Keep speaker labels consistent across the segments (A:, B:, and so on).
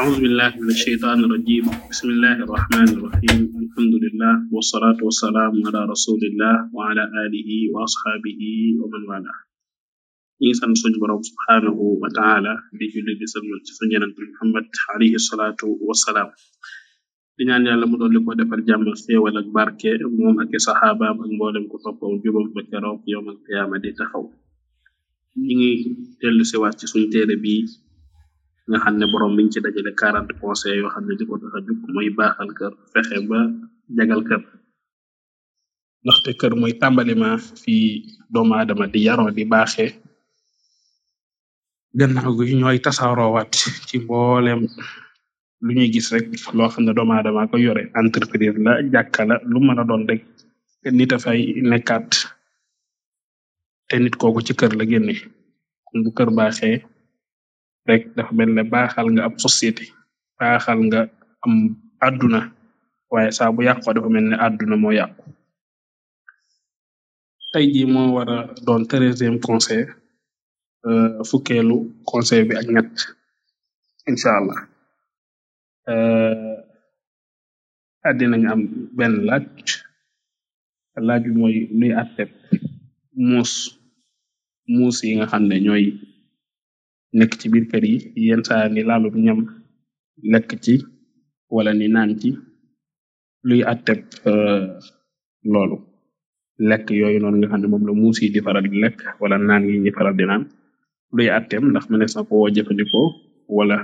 A: أعوذ بالله من الشيطان الرجيم بسم الله الرحمن الرحيم الحمد لله والصلاة والسلام على رسول الله وعلى آله وأصحابه ومن والاه ñi ngi sant suñu borom subhaanahu wa taala di julli di Muhammad alayhi salaatu wasalaam di ñaan yàlla mu doon li ko defal jàmm xéewal ak barke moom ak saxaabaam mboolem ku toppaw jubam ba keroog yowmal qiyaama taxaw ñi ngi dellu siwaat ci suñu téere bii nga xam ne borom biñ ci dajale quarante conseil yoo xam ne li ko a jug mooy kër fexe ba jagal kër ndaxte kër mooy tàmbalima fi doomu di yaroo di baaxe gannaaw gi ñooy tasaaroowaat ci mboolem lu ñuy gis rek loo xam ne doomu ko yore entreprise la jàkka la lu mën a doon rek nit a fay nekkaat te nit kooku ci kër la génne bu kër baaxee rek dafa mel ne baaxal nga ab société baaxal nga am àdduna waaye saa bu yàqoo dafa mel ne àdduna moo yàqu tey jii moo war a doon treizième conseil euh, fukkeelu conseil bi ak ñett incha allah euh, dinañ am benn laaj laaj bi mooy luy atteb muus muus yi nga xam ne ñooy nekk ci biir kër yi yenn saa ngi laalub ñam lekk ci wala ni naan ci luy atteb euh, loolu lekk yooyu noonu nga xam ne moom la muus di faral di lekk wala naan yi ñi faral di naan luy atteem ndax mënees na koo jëfandikoo wala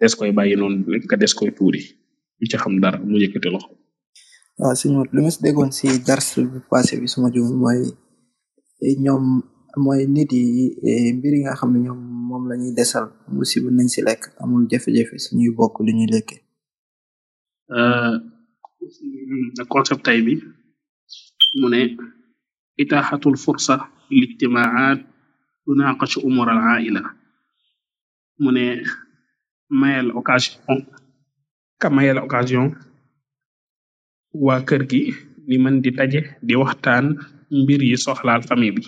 A: des koy bàyyi noonu ka des koy tuuri u ci xam dara mu yëkkati loxo. waaw si eh, ñoom. mooy nit yi e, mbir yi nga xam ne ñoom moom lañuy desal musiba nañ si lekk amul jafe-jafe suñuy bokk li ñuy lekkee. Euh, concept tay bi mu ne itaaxatul fursa lijtimaat tunaqashu umur al aila mu ne mayel occasion ka mayel occasion waa gi ni mën di daje di waxtaan mbir yi soxlaal famille bi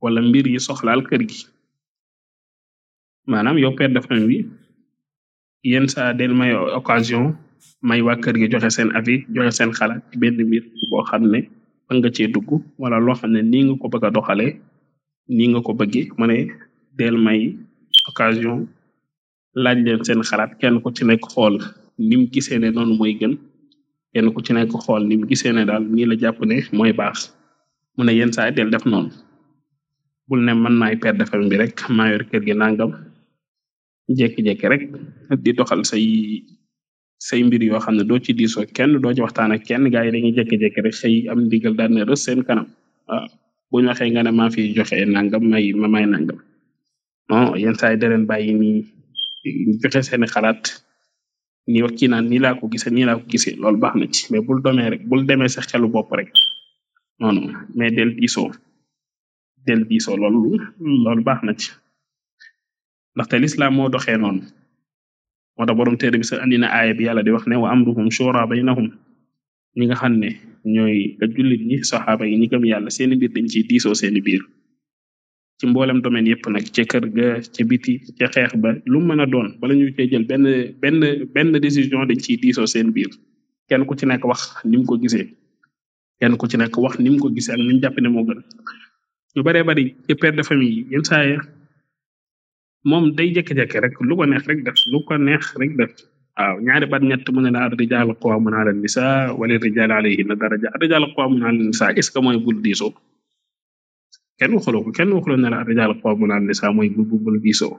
A: wala mbir yi soxlaal kër gi maanaam yow def de famille bi yenn saa del may occasion may waa kër gi joxe seen avis joxe seen xalaat ci benn mbir boo xam ne ba nga cee dugg wala loo xam ne nii nga ko bëgg a doxalee nii nga ko bëggee mu ne del may occasion laaj leen seen xalaat kenn ku ci nekk xool ni mu gisee ne noonu mooy gën kenn ku ci nekk xool ni mu gisee ne daal nii la jàpp ne mooy baax mu ne yenn saa del def noonu. bul ne man maay père de famille bi rek maa kër gi nangam jékki-jékki rek di doxal say say mbir yoo xam ne doo ci diisoo kenn doo ci waxtaan ak kenn gaa yi dañuy jékki-jékki rek xëy am ndigal daal ne rës seen kanam a bu ñu waxee nga ne maa fi joxe nangam may ma may nangam non yenn saa yi da leen bàyyi nii joxe seeni xalaat nii wax kii naan nii laa ko gisee nii laa ko gisee loolu baax na ci mais bul domee rek bul demee sa xelu bopp rek non non mais del del diisoo loolu loolu baax na ci ndaxte lislaam moo doxee noon moo tax borom téere bi sa andi na aaya yàlla di wax ne wa amruhum shura baynahum ñi nga xam ne ñooy a jullit ñi saxaaba yi ñi gëm yàlla seeni biir dañ ciy diisoo seeni biir ci mboolem domaine yépp nag ca kër ga ca biti ca xeex ba lu mën a doon bala ñu cee jël benn benn benn décision dañ ciy diisoo seen biir kenn ku ci nekk wax ni ko gisee kenn ku ci nekk wax ni mu ko gisee ak ni ne moo yu baree bari ci père de famille yenn saa yi moom day jékki-jékki rek lu ko neex rek def lu ko neex rek def waaw ñaari baat ñett mu ne la ar-rijaalu qawwaamuuna ala nisaa wala rijaalu alayhinna daraja ar-rijaalu qawwaamuuna ala nisaa est ce que mooy bul diisoo kenn waxuloo kenn waxuloo ne la ar-rijaalu qawwaamuuna ala nisaa mooy bul bul diisoo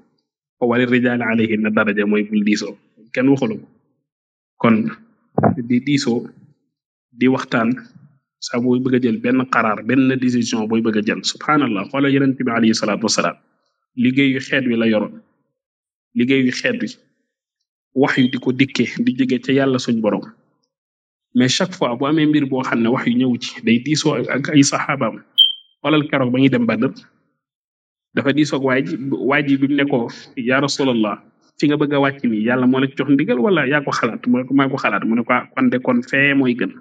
A: wala rijaalu alayhinna daraja mooy bul diisoo kenn waxuloo ko kon di diisoo di waxtaan. saa booy bëgg a jël benn xaraar benn décision booy bëgg a jël wala xoolal yonent bi alayhi salaatu wasalaam liggéeyu xeet wi la yoroon liggéeyu xeet wi wax yu di ko dikkee di jege ca yàlla suñ borom mais chaque fois boo amee mbir boo xam ne wax yu ñëw ci day diisoo ak ay saxaabaam xoolal keroog ba ñuy dem Badr dafa diisoog waay ji waay ji bi mu ne ko yaa rasulallah fi nga bëgg a wàcc nii yàlla moo la jox ndigal wala yaa ko xalaat moo xalaat mu ne ko ah, kon kon fee mooy gën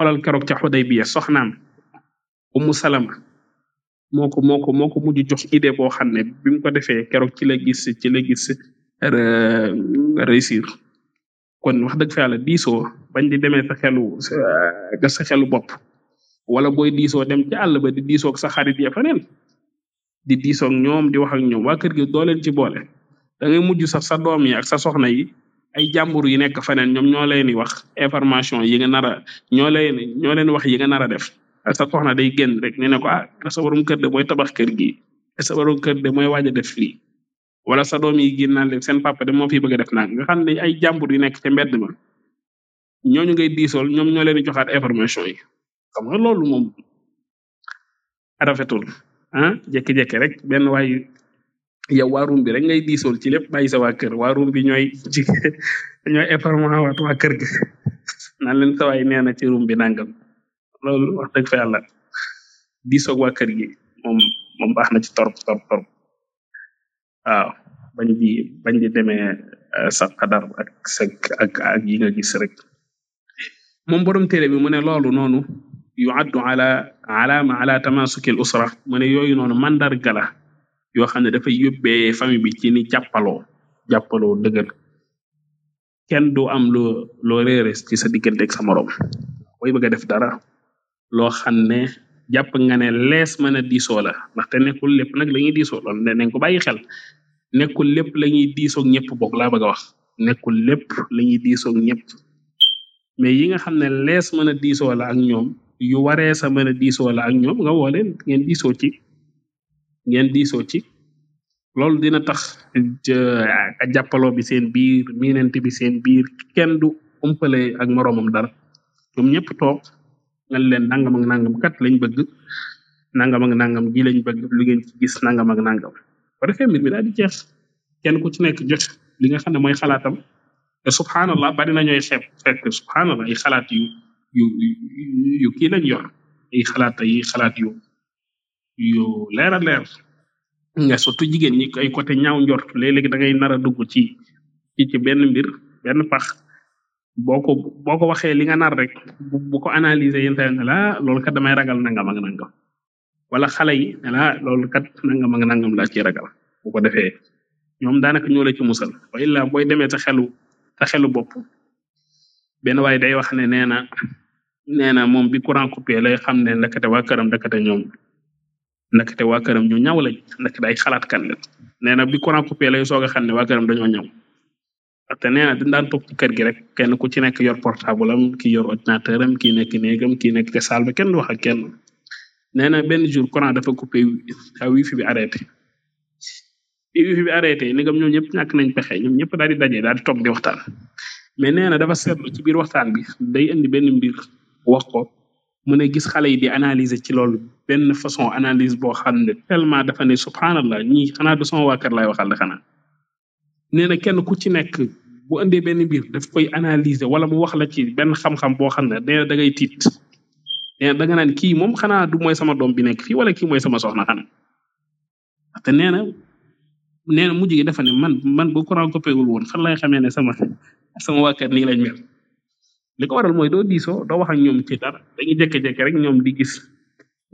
A: xoolal keroog day Xudaybiya soxnaam Umu Salama moo ko moo ko moo ko mujj jox idée boo xam ne bi mu ko defee keroog ci la gis ci la gis euh, réussir kon wax dëgg fa yàlla diisoo bañ di demee sa xelu ga sa xelu bopp wala booy diisoo dem ci àll ba di diisoog sa xarit ya faneen di diisoog ñoom di wax ak ñoom waa kër gi doo leen ci boole da ngay sax sa doom yi ak sa soxna yi ay jàmbur yu nekk feneen ñoom ñoo leen di wax information yi nga nar a ñoo leen ñoo leen wax yi nga nar a def sa soxna day génn rek ne ko ah sa borom kër de mooy tabax kër gi sa borom kër de mooy waaj a def lii wala sa doom yi génn naan seen papa de moo fi bëgg a def nag nga xam ne ay jàmbur yu nekk ca mbedd ma ñooñu ngay diisool ñoom ñoo leen di joxaat information yi xam nga loolu moom rafetul ah jékki-jékki rek benn waay yow waa Rome bi rek ngay diisool ci lépp bàyyi sa waa kër waa bi ñooy ci ñooy épargnement waat waa kër gi naan leen sa waay na ci Rome bi nangam loolu wax dëgg fa yàlla kër gi moom moom baax na ci torop torop torop waaw bañ di demee eh, sa xadar ak sa ak ak yi nga gis rek moom borom téere bi mu ne loolu noonu yuaddu ala alaama ala tamasuki al usra mu ne yooyu noonu mandarga la yoo xam ne dafay yóbbee famille bi ci ni jàppaloo jàppaloo dëgër kenn du am loo loo réere ci sa diggante ak sa moroom booy bëgg a def dara loo xam ne jàpp nga ne lees mën a diisoo la ndaxte nekkul lépp nag la ñuy diisoo loolu nañ ko bàyyi xel nekkul lépp la ñuy diisoog ñëpp bokk laa bëgg a wax nekkul lépp la ñuy diisoog ñëpp mais yi nga xam ne lees mën a diisoo la ak ñoom yu waree sa mën a diisoo la ak ñoom nga woo leen ngeen diisoo ci ngeen diisoo ci loolu dina tax a jàppaloo bi seen biir miinante bi seen biir kenn du umpale ak moroomam dara ñoom ñëpp toog nga leen nangam ak nangam kat lañ bëgg nangam ak nangam ji lañ bëgg lu ngeen ci gis nangam ak nangam bu defee mbir mi daal di jeex kenn ku ci nekk jot li nga xam ne mooy xalaatam te subhanallah bari na ñooy xeeb fekk subhanallah ay xalaat yu yu yu kii lañ yor ay xalaat ay xalaat yu yu leer a leer nga soto jigéen ñi ay côté ñaaw njort léeg-léegi da ngay nar a dugg ci ci ci benn mbir benn pax boo ko boo ko waxee li nga nar rek bu ko analyser yéen tamit ne la ah, loolu kat damay ragal nangam ak nangam wala xale yi ne la loolu kat na nangam ak nangam laa ci ragal bu ko defee ñoom daanaka ñoo la ci musal waaye la booy demee sa xelu xelu bopp benn waaye day wax ne nee na nee na moom bi courant coupé lay xam ne ndekete wa këram ndekete ñoom ndakate waa këram ñu ñaw lañ ndakate ay xalaat kan lañ nee na bi courant coupé lay soog a xam ne waa dañoo ñaw te nee na dañ daan toog ci kër gi rek kenn ku ci nekk yor portable am kii yor ordinateur am ki nekk néegam kii nekk te saal ba kenn wax ak kenn nee na benn jour courant dafa coupé a wifi bi arrêté bi wifi bi arrêté ni gam ñoom ñëpp ñàkk nañ pexe ñoom ñëpp daal di dajee daal di toog di waxtaan mais nee na dafa seetlu ci biir waxtaan bi day indi benn mbir wax ko mën a gis xale yi di analyser ci loolu benn façon analise boo xam ne tellement dafa ne subhanallah ñii xanaa du sama waa lay laay waxal de xanaa nee na kenn ku ci nekk bu indee benn mbir daf koy analyser wala mu wax la ci benn xam-xam boo xam ne nee na da ngay tiit nee na da nga naan kii moom xanaa du mooy sama doom bi nekk fii wala kii mooy sama soxna xanaa te nee na nee na mujj gi dafa ne man man bu courant coupé wul woon fan lay xamee ne sama sama waa kër nii lañ mel. li ko waral mooy doo diisoo doo wax ak ñoom ci dara dañuy jékki-jékki rek ñoom di gis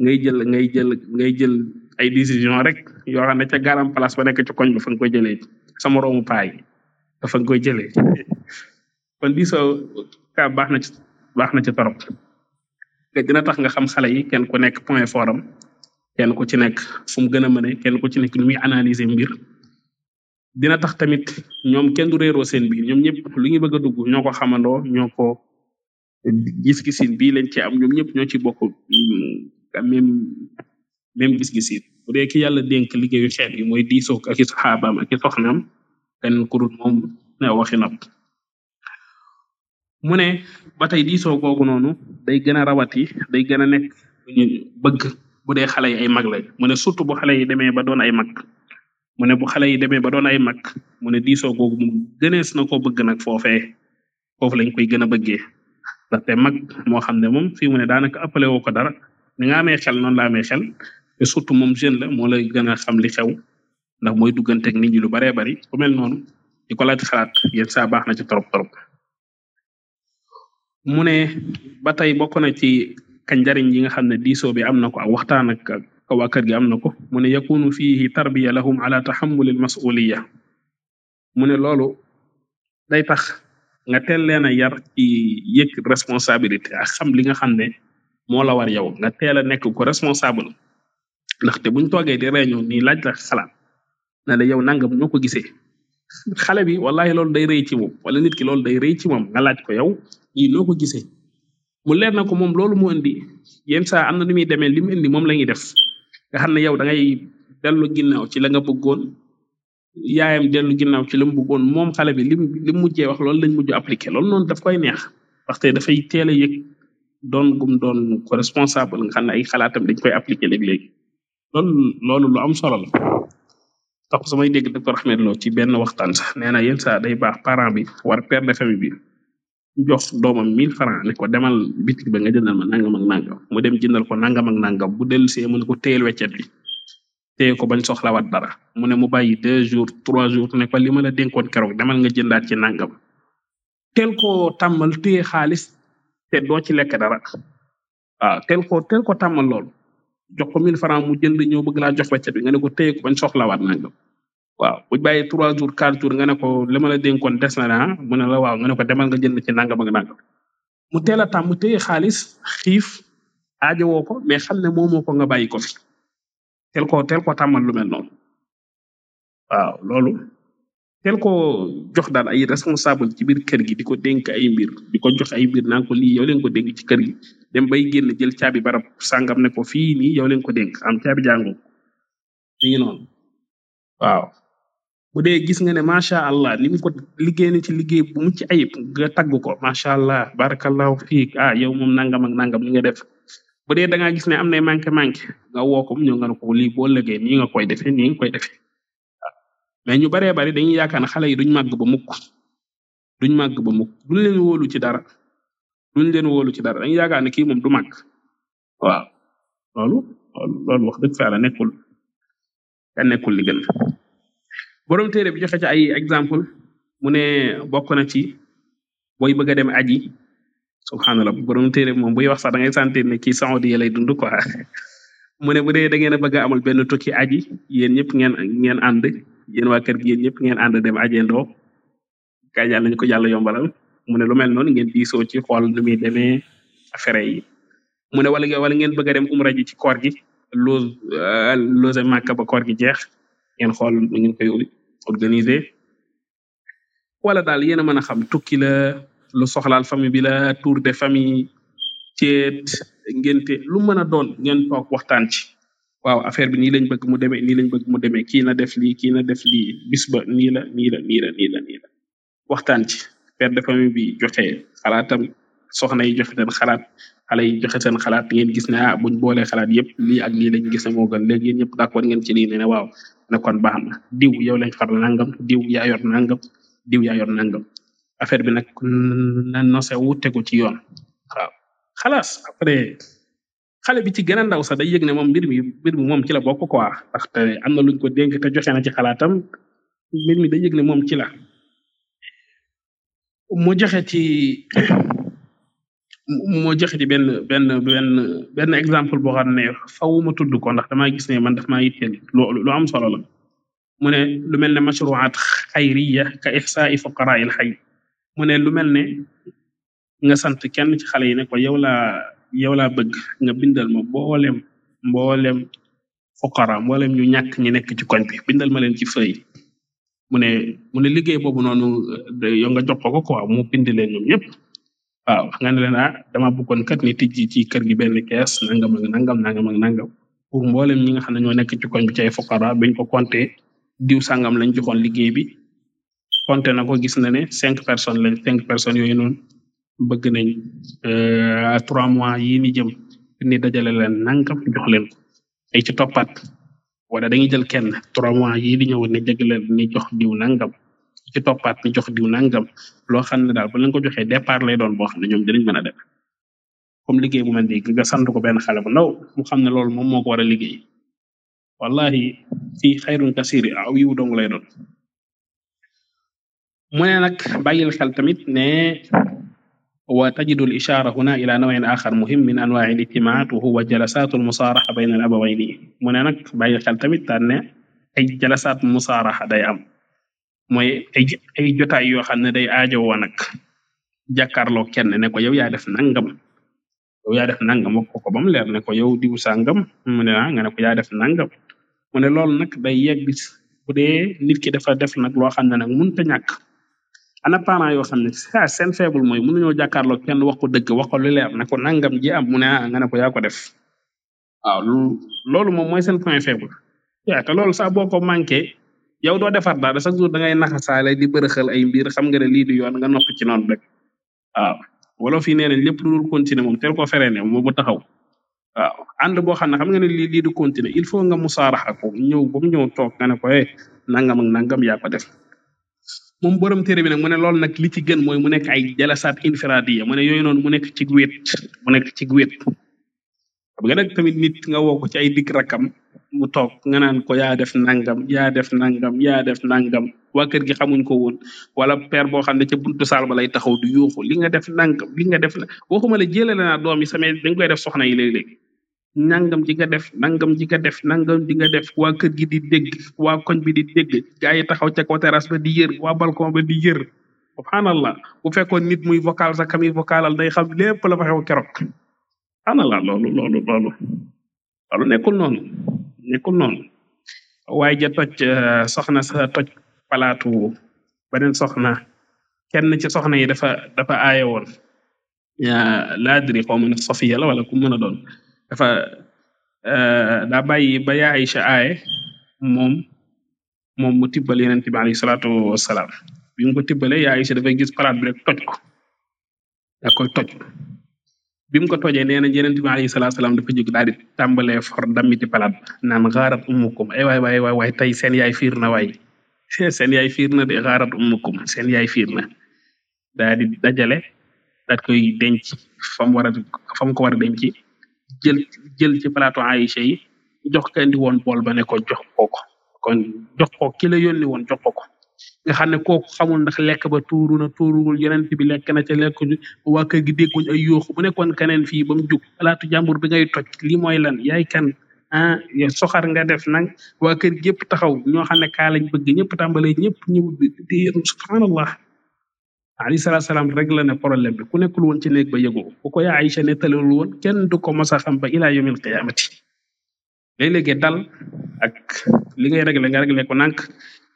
A: ngay jël ngay jël ngay jël ay décision rek yoo xam ne ca garam palace ba nekk ci koñ ba fa nga koy jëlee sa moroomu paay ko jële koy jëlee kon diisoo ka baax na ci baax na ci torop dina tax nga xam xale yi kenn ku nekk point fort am kenn ku ci nekk fu mu gën a mëne kenn ku ci nekk nu muy analyser mbir dina tax tamit ñoom kenn du réeroo seen biir ñoom ñëpp lu ñu bëgg a dugg ñoo ko xamandoo ñoo ko gis-gisin bii lañ ci am ñoom ñëpp ñoo ci bokk mm, même gis-gisin bu dee ki yàlla dénk liggéeyu xeet yi mooy diisoog ak i saxaabaam ak i soxnaam kenn kurul moom ne waxi nap mu ne ba tey diisoo googu noonu day gën a rawati day gën a nekk bëgg bu dee xale yi ay mag lañ mu ne surtout bu xale yi demee ba doon ay mag mu ne bu xale yi demee ba doon ay mag mu ne diisoo googu moom gënees na ko bëgg nag foofee foofu lañ koy gën a bëggee ndaxte mag moo xam ne moom fii mu ne daanaka appelé woo ko dara ni nga amee xel noonu la amee xel te surtout moom jeune la moo lay gën a xam li xew ndax mooy duggante ak nit ñi lu baree bari ku mel noonu di ko laaj xalaat yéen saa baax na ci torop torop mu ne ba tey bokk na ci ka njariñ yi nga xam ne diisoo bi am na ko ak waxtaan ak ka waa gi am na ko mu ne yakunu fiihi tarbiya lahum ala taxamulil masuliya mu ne loolu day tax nga teel leen a yar ci yëg responsabilité ak xam li nga xam ne moo la war yow nga teel a nekk ko responsable ndaxte buñ toogee di réunion nii laaj la xalaat na la yow nangam ñoo ko gisee xale bi wallahi loolu day rëy ci moom wala nit ki loolu day rey ci moom nga laaj ko yow i noo ko gise mu leer na ko moom loolu mu indi yenn saa am na nu muy demee li mu indi moom la def nga xam ne yow dangay ngay gin ginnaaw ci la nga bëggoon yaayam dellu ginnaaw ci la mu bëggoon moom xale bi lim lim mujjee wax loolu lañ mujj appliqué lool noonu daf koy neex waxte dafay teel a yëg doon gum doon ko responsable nga xam ne ay xalaatam dañ koy appliqué léegi-léegi loolu loolu lu am solo la tax samay dégg docteur Ahmed Lo ci benn waxtaan sax nee na yenn saa day baax parent bi war père de famille bi jox doomam mille francs ne ko demal bitik ba nga jëndal ma nangam ak nangam mu dem jëndal ko nangam ak nanga bu dellusee mu ne ko téyel weccet bi téye ko bañ soxlawaat dara mu ne mu bàyyi deux jours trois jours ne ko li ma la dénkoon keroog demal nga jëndaat ci nangam tel ko tàmmal téye xaalis te doo ci lekk dara waaw tel ko tel ko tàmmal loolu jox ko mille francs mu jënd ñëw bëgg laa jox wecce bi nga ne ko téye ko bañ soxlawaat waaw bu bàyyi trois jours quatre jours nga ne ko li ma la dénkoon des na ah mu ne la waaw nga ne ko demal nga jënd ci nangam ak nangam mu teel a tàmm téye xaalis xiif aajowoo ko mais xam ne moomoo ko nga bàyyi ko fi teel ko teel koo tàmmal lu mel noonu waaw loolu tel ko jox daal ay responsable ci biir kër gi di ko dénk ay mbir di ko jox ay mbir naa lii yow leen ko dénk ci kër gi dem bay génn jël caabi barab sàngam ne ko fii nii yow leen ko dénk am caabi jàngu mi ngi noonu waaw bu dee gis nga ne macha allah ni ko liggéey na ci liggéey bu ci ayib nga tagg ko macha allah barakallahu fiik ah yow moom nangam ak nangam li nga def ba dee da ngaa gis ne am na manqué manqué nga woo ko ñëw nga ne ko lii boo lëggee nii nga koy defee nii nga koy defee mais ñu baree bari dañuy yaakaar ne xale yi duñ màgg ba mukk duñ màgg ba mukk duñ leen wóolu ci dara duñ leen wóolu ci dara dañuy yaakaar ne kii moom du màgg waaw loolu loolu wax dëgg fa yàlla nekkul da nekkul li gën borom téere bi joxe ca ay exemple mu ne bokk na ci booy bëgg a dem aji subhanallah borom téere moom buy wax sax da ngay sentir ne kii saoudiya lay dund quoi mu ne bu dee da ngeen a bëgg a amal benn tukki aji yéen ñëpp ngeen ngeen ànd yén waa kër gi yéen ñëpp ngeen ànd dem ajendoo gaa yàlla nañu ko yàlla yombalal mu ne lu mel noonu ngeen diisoo ci xool nu muy demee affaire yi mu ne wala wala ngeen bëgg a dem umra ji ci koor gi loos euh, loose màkka ba koor gi jeex ngeen xool nu ngeen koy organiser wala daal yéen a mën a xam tukki la lu soxlaal famille bi la tour de famille ceet ngénte lu mën a doon ngen toog waxtaan ci waaw affaire bi nii lañ bëgg mu demee nii lañ bëgg mu demee kii na def lii kii na def lii bis ba nii la nii la nii nii la nii la waxtaan ci père de famille bi joxe xalaatam soxna yi joxe seen xalaat xale yi joxe seen xalaat ngeen gis ne ah buñ boolee xalaat yëpp lii ak lii lañ gis ne moo gën léegi ñëpp d'accord ngeen ci lii ne waaw ne kon baax na diw yow lañ far nangam diw yaa yor diw yaa nangam affaire bi nag na nosewu tegu ci yoon waaw xalaas après xale bi ci gën ndaw sax day yëg ne moom mbir mi mbir mi moom ci la bokk quoi am na luñ ko dénk te joxe na ci xalaatam mbir mi day yëg ne moom ci la mu joxe ci mu joxe ci benn benn benn boo xam ne faw ma tudd ko ndax damaa gis ne man daf maa yitteel lu am solo la mu ne lu mel ne mashruat mu ne lu mel ne nga sant kenn ci xale yi ne ko yow laa yow laa bëgg nga bindal ma mboolem mboolem foqara mboolem ñu ñàkk ñi nekk ci koñ bi bindal ma leen ci fay mu ne mu ne liggéey boobu noonu yow nga jox ko quoi mu bind leen ñoom ñëpp waaw nga leen ah dama bëggoon kat ni tijji ci kër gi benn kees nangam ak nangam nangam ak nangam pour mboolem ñi nga xam ne ñoo nekk ci koñ bi ci ay foqara biñ ko compter diw sangam lañ joxoon liggéey bi. compté na ko gis na ne cinq personne lañ cinq personnes yooyu noonu bëgg nañ euh, trois mois yii ni jëm ni dajale leen nangam jox leen ko ay ci toppaat wala dañuy jël kenn trois mois yii di ñëw ne jagleel ni jox diw nangam ci toppaat ni jox diw nangam loo xam ne daal bu leen ko joxee départ lay doon boo xam ne ñoom dinañ mën a def comme liggéey bu mel nii nga sant ko benn xale bu ndaw mu xam ne loolu moom moo ko war a liggéey wallahi fii xayrun kasiri aw yiw dong lay doon mu ne nag bàyyil xel tamit ne wa tajidu al ishaara huna ila nawin axar muhim min anwai al ijtimaat wa huwa jalasaatu al musaaraxa bayna al abawayni mu ne nag bàyyil xel tamit ne ay jalasaat day am mooy ay ay jotaay yoo xam ne day aajowoo nag jàkkaarloo kenn ne yow yaa def nangam yow yaa def nangam wax ko ko ba mu leer ne ko yow diw sangam mu ne ah nga ne ko def nangam mu ne loolu nag day yegg bu ki dafa def nag loo xam ne nag mënut ñàkk. ana parent yoo xam ne saa seen faible mooy mënuñoo jàkkaarloo kenn wax ko dëgg wax ko lu leer ne ko nangam ji am mu ne ah nga ne ko yaako ko def loolu moom mooy seen point faible. waaw te loolu sax boo ko manqué yow doo defar daal chaque jour da ngay naxasaale di bërëxal ay mbir xam nga ne lii du yoon nga noppi ci noonu rek waaw wala fii nee nañ lépp lu dul continuer moom teel ko feree ne moom bu taxaw. waaw ànd boo xam ne xam nga ne lii lii du il faut nga musaarax ak moom ñëw ba mu ñëw toog nga ne ko eh nangam ak nangam yaa moom borom téere bi nag mu ne loolu nag li ci gën mooy mu nekk ay jalasaat infiradiya mu ne yooyu noonu mu nekk ci wéet mu nekk ci wéet xam nga nag tamit nit nga woo ko ci ay dig rakam mu toog nga naan ko yaa def nangam yaa def nangam yaa def nangam waa kër gi xamuñ ko woon wala père boo xam ne ca buntu saal ba lay taxaw du yuuxu li nga def nangam li nga def na waxuma la jëlee naa doom yi samay dañ koy def soxna yi léeg-léeg nangam ji nga def nangam ji nga def nangam ji nga def waa kër gi di dégg waa koñ bi di dégg gaa yi taxaw ca kaw terrasse ba di yër waa balcon ba di yër subhanallah bu fekkoon nit muy vocal sax kami vocalal day xam lépp la fa xew keroog subhanallah loolu loolu loolu nekkul noon nekkul noon waaye ja toj euh, soxna sa toj palaatu beneen soxna kenn ci soxna yi dafa dafa aaye woon laadri xaw ma ne la wala ku mën a doon dafa euh, daa bàyyi ba yaa Aysa aaye moom moom mu tibbal yonent bi alayhi salaatu wasalaam bi mu ko tibbalee gis palaat bi rek toj ko da koy toj bi ko tojee nee na yonent bi alayhi salaatu wasalaam dafa jóg daal for dammiti palaat naan xaarat ummukum ay waay waay waay waay tey seen yaay fiir na waay seen yaay fiir de xaarat ummukum seen yaay fiir na daal dajale daal koy denc fa ko war a jël jël ci palaatu Aïcha yi jox ka indi woon bool ba ne ko jox kok kon jox ko kila la yónni woon jox ko ko nga xam ne kooku xamul ndax lekk ba tuuru na tuuruwul yonent bi lekk na ca lekk waa kër gi dégguñ ay yooxu bu nekkoon keneen fii ba mu jug palaatu jàmbur bi ngay toj lii mooy lan yaay kan ah soxar nga def nag waa kër gi taxaw ñoo xam ne kaa lañ bëgg ñëpp tàmbalee ñëpp ñëw subhanallah alayhi salaatu salaam réglé na problème bi ku nekkul woon ci néeg ba yëgoo bu ko yaa Aïcha nettalewul woon ken du ko mos a xam ba ilaa yawmil qiyaamati léeg-léegi dal ak li ngay réglé nga réglé ko nànk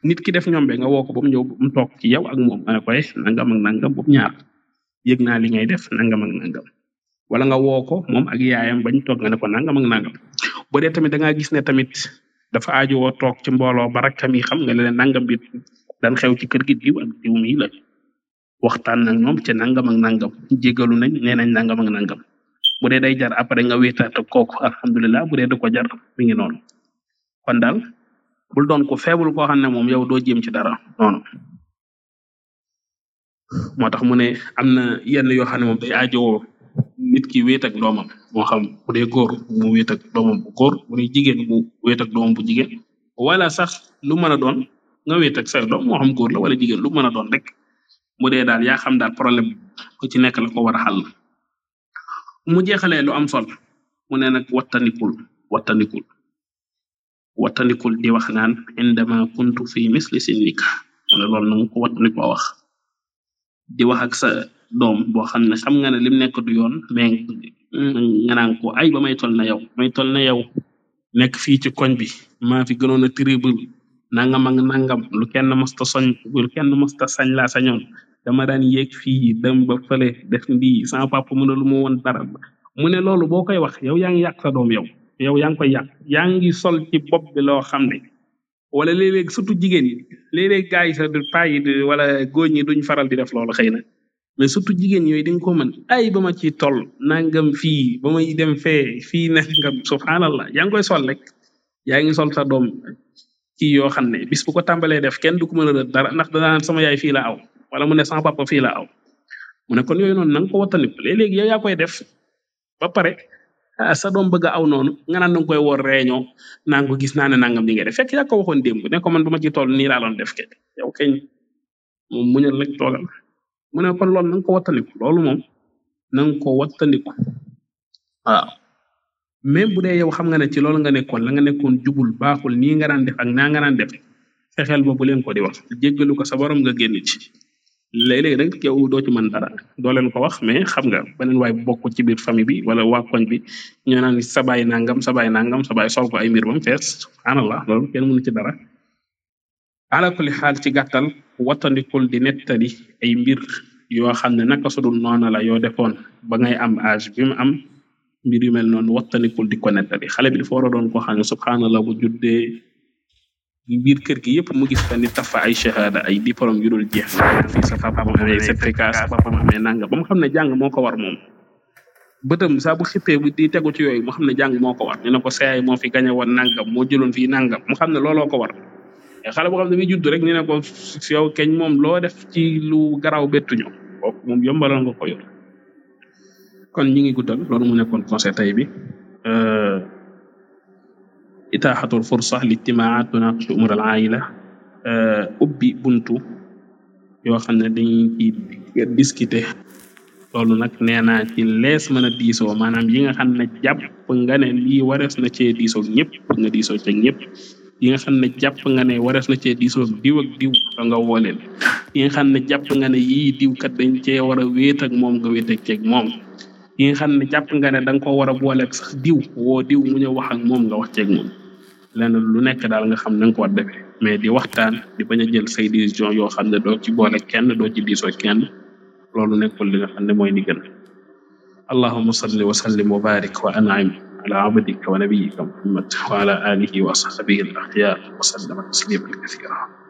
A: nit ki def ñombe nga woo ko ba mu ñëw mu toog ci yow ak moom nga ne koy eh, nangam ak nangam ñaar yëg naa li ngay def nangam ak nangam wala nga woo ko moom ak yaayam bañ toog nga ne ko nangam ak nangam bu tamit da ngaa gis ne tamit dafa aaju woo toog ci mbooloo ba rakkam yi xam nga leen nangam bi dan xew ci kër gi diw mi la waxtaan nag ñoom ce nangam ak nangam jégalu nañ nee nañ nangam nangam bu dee day jar après nga wéetaat ak kooku alhamdulilah bu dee du ko jar mi ngi noonu kon daal bul doon ko feebul koo xam ne moom yow doo jéem ci dara noonu. moo tax mu ne am na yenn yoo xam ne moom day nit ki wéet ak doomam moo xam bu dee góor mu wéet ak doomam bu góor bu dee jigéen mu wéet doomam bu jigéen wala sax lu mën a doon nga wéet ak doom moo xam góor la wala jigéen lu mën a doon rek bu dee daal ya xam daal problème ku ci nekk la ko war a xàll mu jeexalee lu am sol mu ne nag wattanikul wattanikul wattanikul di wax naan indama kuntu fi misli sinnika mu ne loolu nanga ko wax di wax ak sa doom boo xam ne xam nga ne lim nekk du yoon mais nga ko ay ba may tol na yow may tol na yow nekk fii ci koñ bi maa fi gënoon a terrible nangam ak nangam lu kenn masta soñ lu kenn masta sañ laa sañoon dama daan yéeg fii dam ba fële def lii sama papa mu ne lu mu woon dara mu ne loolu boo koy wax yow yaa ngi yàq sa doom yow yow yaa ngi koy yàq yaa ngi sol ci bopp bi loo xam ne wala léeg-léeg surtout jigéen yi léeg-léeg gars yi wala góor ñi duñ faral di def loolu xëy na mais surtout jigéen yooyu di ko mën ay ba ma ci toll nangam fii ba may dem fee fii nangam subhanallah yaa ngi koy sol rek yaa ngi sol sa doom ci yoo xam ne bis bu ko tàmbalee def kenn du ko mën a dara ndax danaan sama yaay fii la aw wala mu ne sama papa fii la aw mu ne kon yooyu noonu na nga ko wattandiku léeg-léegi yow yaa koy def ba pare ah, sa doom bëgg aw noonu nga naan danga koy woor réunion naa ko gis naa ne nangam li nga def fekk yaa ko waxoon démb ne ko man ba ma ci toll nii laa doon def yow keñ moom muñal rek toogal mu ne kon loolu na ko wattandiku loolu moom na nga ko wattandiku waaw même bu dee yow xam nga ne ci loolu nga nekkoon la nga nekkoon jubul baaxul nii nga daan def ak naa nga daan def fexeel ba bu leen ko di wax jéggalu ko sa borom nga génn ci léeg-léeg nag yow doo ci mën dara doo leen ko wax mais xam nga beneen waay bokk ci biir famille bi wala waa koñ bi ñoo naan sabaay nangam sabaay nangam sabaay sol ko ay mbir ba mu fees subhanallah loolu kenn mënu ci dara ala kulli xaal ci gàttal wattandikul di nettali ay mbir yoo xam ne naka su dul la yoo defoon ba ngay am âge bi mu am mbir yu mel noonu wattandikul di ko nettali xale bi dafa war doon ko xam ne subhanallah bu juddee biir kër gi yëpp mu gis fa ni tafa ay shahada ay diplôme yu dul jeex fii sa papa mu amee certificat sa papa nanga ba xam ne jàng moo ko war moom bëtam saa bu xippee bu di tegu ci yooyu mu xam ne jàng moo ko war ñu ne ko saay moo fi gañe woon nangam moo jëloon fi nangam mu xam ne looloo ko war xale boo xam ne bi judd rek ñu ne ko yow keñ moom loo def ci lu garaaw bettuñu kooku moom yombalal nga ko kon ñu ngi guddal loolu mu nekkoon conseil tey bi euh, itaaxatul fursa li ijtimaat tunaqishu umur al aila ubbi buntu yoo xam ne dañuy ci discuter loolu nag nee naa ci lees mën a diisoo maanaam yi nga xam ne jàpp nga ne lii warees na cee diisoo ñëpp nga diisoo ci ñëpp yi nga xam ne jàpp nga ne warees na cee diisoo diw ak diw da nga woo leen yi nga xam ne jàpp nga ne yii diw kat dañ cee war a wéet ak moom nga wéet ak ceeg moom yi nga xam ne jàpp nga ne da ko war a booleeg sax diw woo diw mu ñëw wax ak moom nga wax ceeg moom lenn lu nekk daal nga xam na nga ko war mais di waxtaan di bañ a jël say décision yoo xam ne doo ci boole kenn doo ci diisoo kenn loolu nekkul li nga xam ne mooy li gën allahuma salli wa sallim wa barik wa an'im ala abdika wa nabiyika muhammad wa ala alihi wa ashabihi al axyar wa sallama tasliman kathira